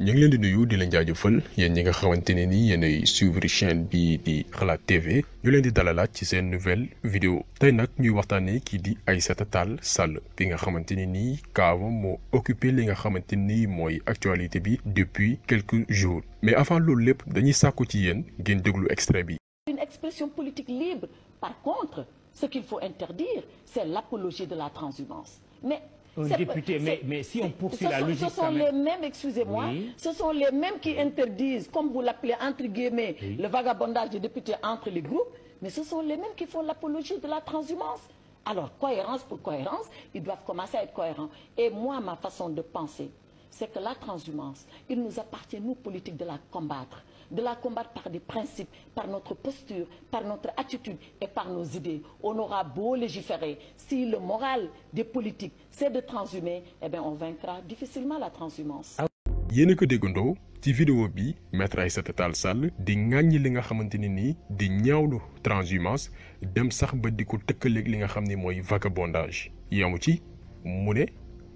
ñu ngi leen di nuyu di leen jaajëfal yéen ñi nga xamante ne ni yéenay suivre chaîne bi di xalaat TV ñu leen di dalalaat ci seen nouvelle vidéo tey nag ñuy waxtaanee kii di Aïssata Tall Sall bi nga xamante ni nii kaawam moo occupé li nga xamante ni mooy actualité bi depuis quelques jours mais avant loolu lépp dañuy sàkku ci yéen ngeen déglu extrait bi. une expression politique libre par contre ce qu'il faut interdire c'est l'apologie de la transhumance mais un Mais, si on poursuit la logique... Ce sont les mêmes, excusez-moi, ce sont les mêmes qui interdisent, comme vous l'appelez entre guillemets, le vagabondage des députés entre les groupes, mais ce sont les mêmes qui font l'apologie de la transhumance. Alors, cohérence pour cohérence, ils doivent commencer à être cohérents. Et moi, ma façon de penser, c'est que la transhumance, il nous appartient, nous, politiques, de la combattre de la combattre par des principes, par notre posture, par notre attitude et par nos idées. On aura beau légiférer. Si le moral des politiques, c'est de transhumer, eh bien, on vaincra difficilement la transhumance. Ah. yéen a ko déggandoo ci vidéo bi maître Aïssata tal sal, di ŋàññi li nga xamante ni, di ñaawlu transhumance dem sax ba di ko tëkkaleeg li nga xamni moy vagabondage yamu ci mu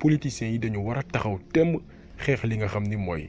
politiciens yi dañu war taxaw temm xeex li nga xamni moy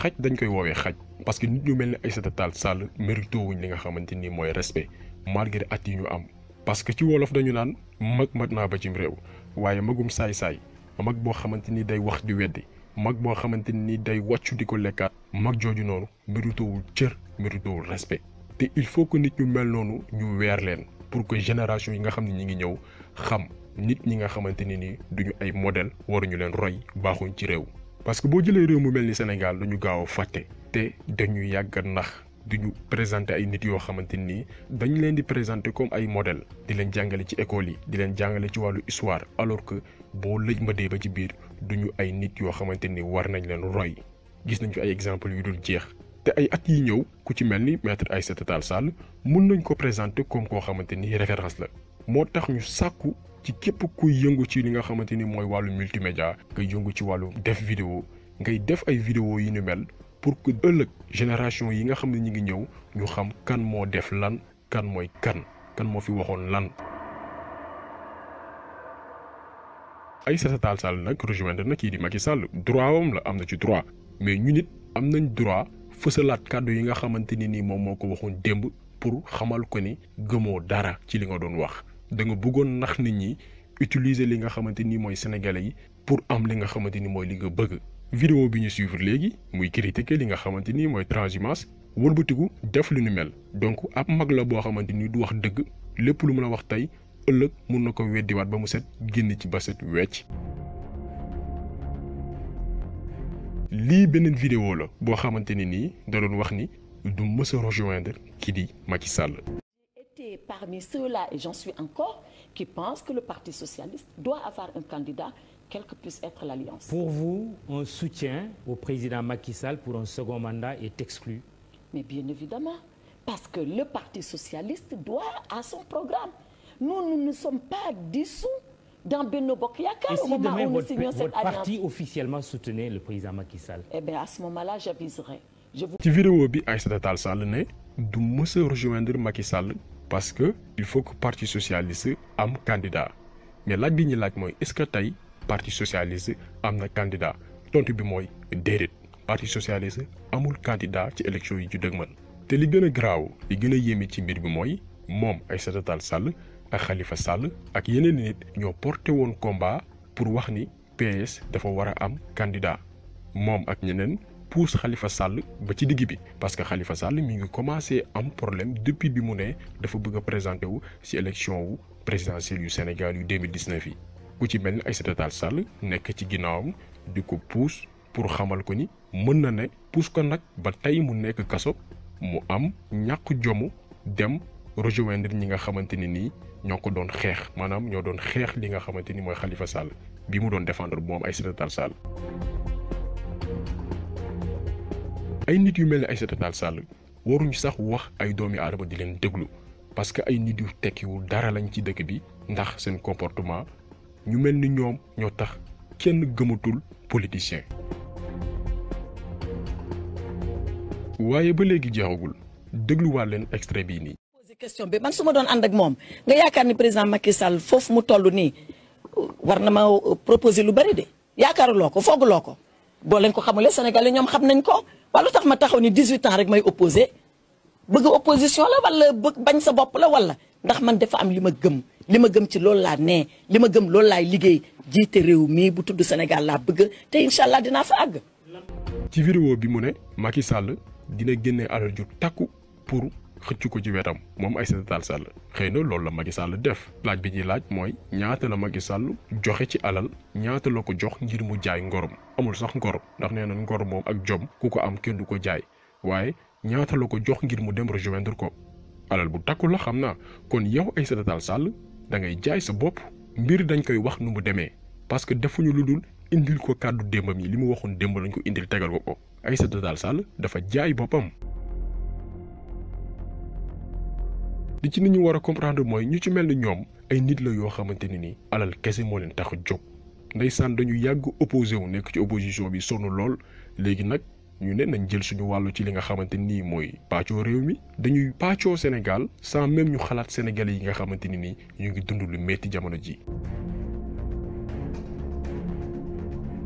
xaj dañ koy woowee xaj parce que nit ñu mel ni ay Tall sàll mérito wuñ li nga xamante ni mooy respect malgré at yu ñu am parce que ci wolof dañu naan mag mag naa ba cim réew waaye magum saay-saay mag boo xamante ni day wax di weddi mag boo xamante ni day wàccu di ko lekkaat mag jooju noonu mérito wul cër mérito wul respect te il faut que nit ñu mel noonu ñu weer leen pour que génération yi nga xam ne ñi ngi ñëw xam nit ñi nga xamante ni ni duñu ay modèle waruñu leen roy baaxuñ ci réew parce que boo jëlee réew mu mel ni Sénégal du ñu gaaw a fàtte te dañu yàgg ndax du ñu présenter ay nit yoo xamante nii dañ leen di présenté comme ay modèle di leen jàngale ci école yi di leen jàngale ci wàllu histoire alors que boo lëj ma dee ba ci biir du ñu ay nit yoo xamante ni war nañ leen roy gis nañ fi ay exemple yu dul jeex te ay at yi ñëw ku ci mel ni maître Aïssata Tall Sall mun nañ ko présenter comme koo xamante ni référence la moo tax ñu sàkku ci képp kuy yëngu ci li nga xamante ni mooy wàllu multimédia ngay yëngu ci wàllu def vidéo ngay def ay vidéo yi ñu mel pour que ëllëg génération yi nga xam ne ñu ngi ñëw ñu xam kan moo def lan kan mooy kan kan moo fi waxoon lan. Aïssata Tall Sall nag rejoindre na kii di Macky Sall droit am la am na ci droit mais ñu nit am nañ droit fësalaat kàddu yi nga xamante ni nii moom moo ko waxoon démb pour xamal ko ni gëmoo dara ci li nga doon wax. da nga bëggoon nax nit ñi utiliser li nga sénégalais pour am li nga xamante ni vidéo bi ñu suivre léegi muy critiquer li nga xamante ni mooy transhumance wëlbatiku def lu donc ab mag la boo xamante du wax dëgg lépp lu mën a wax tey ëllëg mun na ba mu vidéo la boo xamante ni da doon wax ni du rejoindre kii di parmi ceux-là, et j'en suis encore, qui pensent que le Parti socialiste doit avoir un candidat, quelle que puisse être l'alliance. Pour vous, un soutien au président Macky Sall pour un second mandat est exclu Mais bien évidemment, parce que le Parti socialiste doit à son programme. Nous, nous ne sommes pas dissous dans Benno si au moment où nous signons cette parti officiellement soutenait le président Macky Sall Eh bien, à ce moment-là, j'aviserai. Je vous... rejoindre Macky Sall parce que il faut que parti socialiste am candidat mais laaj bi ñu laaj est-ce que tey parti socialiste am candidat tontu bi moi, déedéet parti socialiste amul candidat ci élection yi ju dëgmal te li gën a garaaw li gën a yéeme ci mbir bi mooy moom Aïssata Tall Sall ak Khalifa Sall ak yeneen nit ñoo porté woon combat pour wax ni PS dafa war am candidat moom ak ñeneen pousse Khalifa Sall ba ci digg bi parce que Khalifa Sall mi ngi commencé am problème depuis bi mu ne dafa bëgg a présenté wu ci élection wu présidentielle du Sénégal yu 2019 yi ku ci mel ni Tall Sall nek ci ginnaawam di ko pousse pour xamal ko ni mën na ne pousse ko nak ba tay mu nek kasso mu am ñàkk jomu dem rejoindre ñi nga xamante ni ñoko don ko doon xeex don ñoo doon xeex li nga xamante moy Khalifa Sall bi mu doon défendre moom Aïssata Tall Sall ay nit yu melni Aïssata Tall Sall waruñu sax wax ay doomi adama di leen deglu parce que ay nit yu wu dara lañ ci dëkk bi ndax seen comportement ñu melni ni ñoom ñoo tax kenn gëmatul politicien waye ba jaxagul deglu wa leen extrait bii nii question bi man suma doon and ak mom nga yaakar ni président Macky Sall fofu mu tollu ni warna ma euh, proposer lu bari de yaakaaruloo loko fooguloo loko bo len ko xamulee sénégalais ñom xam nañ ko wala tax ma taxaw ni dis 18 ans rek may opposé bëgg opposition la wala bëgg bañ sa bopp la wala ndax man dafa am li ma gëm li ma gëm ci loolu laa nee li ma gëm loolu laay liggéey jiite réew mii bu tudd Sénégal laa bëgg te incha allah dinaa sa àgg. ci vidéo bi mu ne Macky Sall dina génne alal ju takku pour. xëcc ko ci wetam moom Aïssata Tall Sall xëy na loolu la Macky Sall def laaj bi ñuy laaj mooy ñaata la Macky Sall joxe ci alal ñaata la ko jox ngir mu jaay ngorom amul sax ngor ndax nee na ngor moom ak jom ku ko am kenn du ko jaay waaye ñaata la ko jox ngir mu dem rejoindre ko alal bu takkul la xam naa kon yow Aïssata Tall Sall da ngay jaay sa bopp mbir dañ koy wax nu mu demee parce que defuñu lu dul indil ko kàddu démbam yi li mu waxoon démb lañ ko indil tegal ko ko Aïssata Tall Sall dafa jaay boppam. li ci ni ñu war a comprendre mooy ñu ci mel ni ñoom ay nit la yoo xamante ne nii alal kese moo leen tax a jóg ndeysaan dañu yàgg opposé wu nekk ci opposition bi sonn lool léegi nag ñu ne nañ jël suñu wàllu ci li nga xamante nii mooy pàccoo réew mi dañuy pàccoo Sénégal sans même ñu xalaat sénégalais yi nga xamante ni nii ñu ngi dund lu metti jamono ji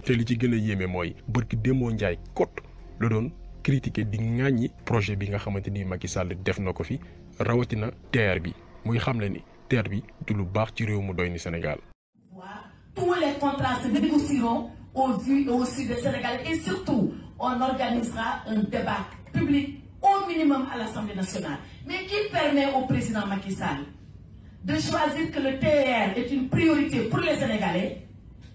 te li ci gën a yéeme mooy bërki démoo njaay kot la doon critiquer di ñi projet bi nga xamante ni Macky Sall def na ko fi rawatina bi ni bi du Sénégal. tous les contrats se négocieront au vu et au du Sénégal. et surtout on organisera un débat public au minimum à l'Assemblée nationale mais qui permet au président Macky Sall de choisir que le TR est une priorité pour les Sénégalais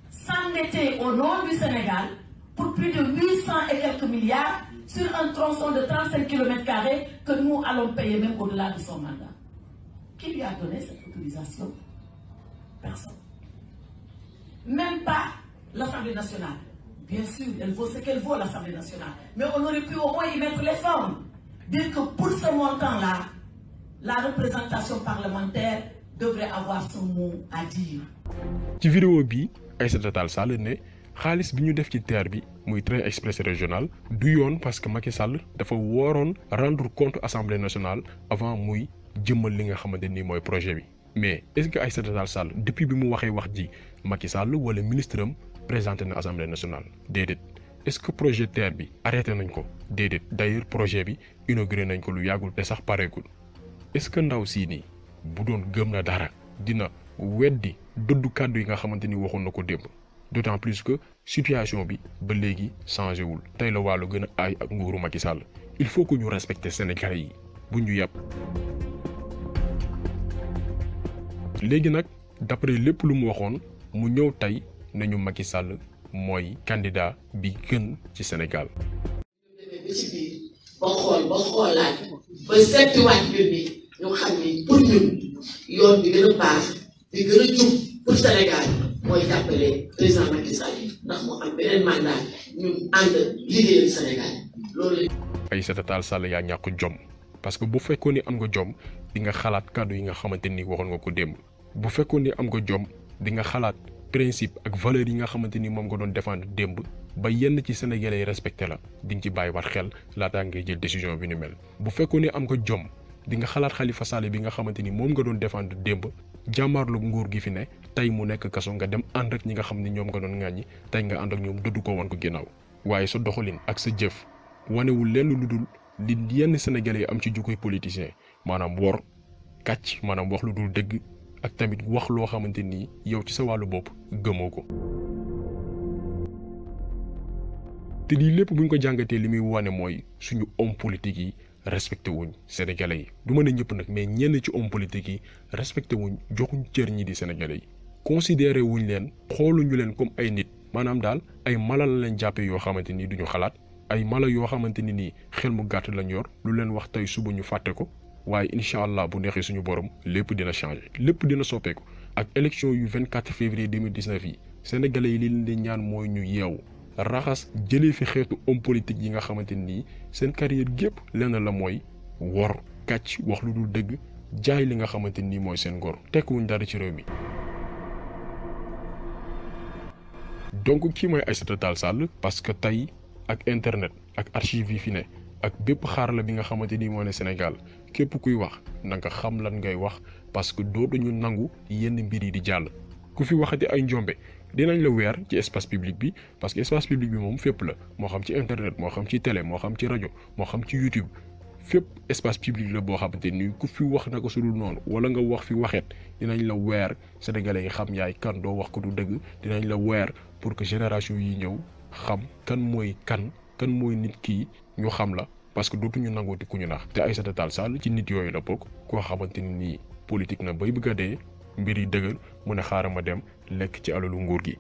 s'endetter au nom du Sénégal pour plus de 800 et quelques milliards sur un tronçon de 35 km que nous allons payer même au-delà de son mandat. Qui lui a donné cette autorisation Personne. Même pas l'Assemblée nationale. Bien sûr, elle vaut ce qu'elle vaut, l'Assemblée nationale. Mais on aurait pu au moins y mettre les formes. Dire que pour ce montant-là, la représentation parlementaire devrait avoir son mot à dire. Tu vidéo c'est total ça, xaalis bi ñu def train express régional du parce que Macky Sall dafa rendre compte assemblée nationale avant muy jëmmal li nga projet mais est-ce que Aïssata Sall depuis bi mu wax Macky Sall ministre présenté l'Assemblée nationale est-ce que projet terre bi arrêté nañ projet inauguré nañ ko est-ce que ndaw sii nii bu doon gëm na dara dina nga d'autant plus que situation bi ba légui changé wul tey la wàllu gëna ay ak nguru Macky Sall il faut que ñu respecter Sénégalais yi bu ñu yapp légui nak d'après lépp lu mu waxoon mu ñëw tay nañu Macky Sall mooy candidat bi gën ci Sénégal. ba xool ba xoolaat ba settiwaat mbir mi ñu xam ni pour ñun yoon bi gën a baax bi gën a jub pour Sénégal. mooy jàppale président Sall ndax moo am yaa ñàkk jom parce que bu fekkoon ni am nga jom di nga xalaat kàddu yi nga xamante ni waxoon nga ko démb bu fekkoon ni am nga jom di nga xalaat principe ak valeur yi nga xamante ni moom nga doon défendre demb ba yenn ci sénégalais yi respecté la di ci ci bàyyiwaat xel laataa ngay jël décision bi ni mel bu fekkoon ni am nga jom di nga xalaat xalifa Sall bi nga xamante ni moom nga doon défendre démb jàmmaarlu nguur gi fi ne tay mu nek kasso nga dem and ak ñi nga xamni ñom nga doon ngañi tay nga and ak ñom dëddu ko won ko ginaaw waye su doxalin ak sa jëf wu lenn luddul dul li yenn sénégalais am ci jukkoy politiciens manam wor katch manam wax luddul deug ak tamit wax lo xamanteni yow ci sa walu bop té te lepp buñ ko limi wane suñu homme politique yi respecté wuñ sénégalais yi ne ñëpp nak mais ñenn ci homme politique yi respecté wuñ joxuñ cër di sénégalais yi considéré wuñ leen xooluñu leen comme ay nit manam Dal ay mala la leen jàppe yoo xamante duñu xalaat ay mala yo xamanteni ni nii xel mu lañ yor lu leen wax tay suba ñu ko waye inshallah bu nexi suñu borom lepp dina changer dina ak élection yu 24 février 2019 yi sénégalais yi li leen ñaan moy raxas jeli fi xeetu homme politique yi nga xamanteni ni seen carrière gep lenn la moy wor katch wax lu dul deug jaay li nga xamanteni ni mooy seen tekku tekkuwuñ dara ci réew mi. donc ki moy Aïssata Tall Sall parce que tay ak internet ak archive yi fi ne ak xaar la bi nga xamanteni ni moo ne Sénégal képp kuy wax na nga xam lan ngay wax parce que ñu nangu yenn mbir yi di jall ku fi waxati ay njombe dinañ la weer ci espace public bi parce que espace public bi moom fépp la moo xam ci internet moo xam ci télé moo xam ci rajo moo xam ci YouTube fépp espace public la boo xamante ni ku fi wax na ko su dul noonu wala nga wax fi waxet dinañ la weer sénégalais yi xam yaay kan doo wax ko du dëgg dinañ la weer pour que génération yi ñëw xam kan mooy kan kan mooy nit ki ñu xam la parce que dootuñu nangooti ku ñu nax te Aïssata Tall Sall ci nit yooyu la bokk koo xamante ni politique na bay bëgg a dee mbir yi dëgër mu ne xaaral ma dem lekk ci alalu nguur gi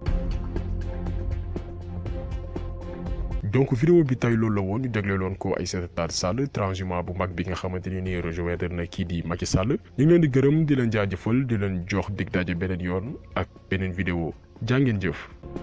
donc vidéo bi tay loolu la woon ñu jagleeloon ko ay Tall Sall transhumant bu mag bi nga xamante ni nii rejoindre na kii di Macky Sall ñu ngi leen di gërëm di leen jaajëfal di leen jox dig daje beneen yoon ak beneen vidéo jàngeen jëf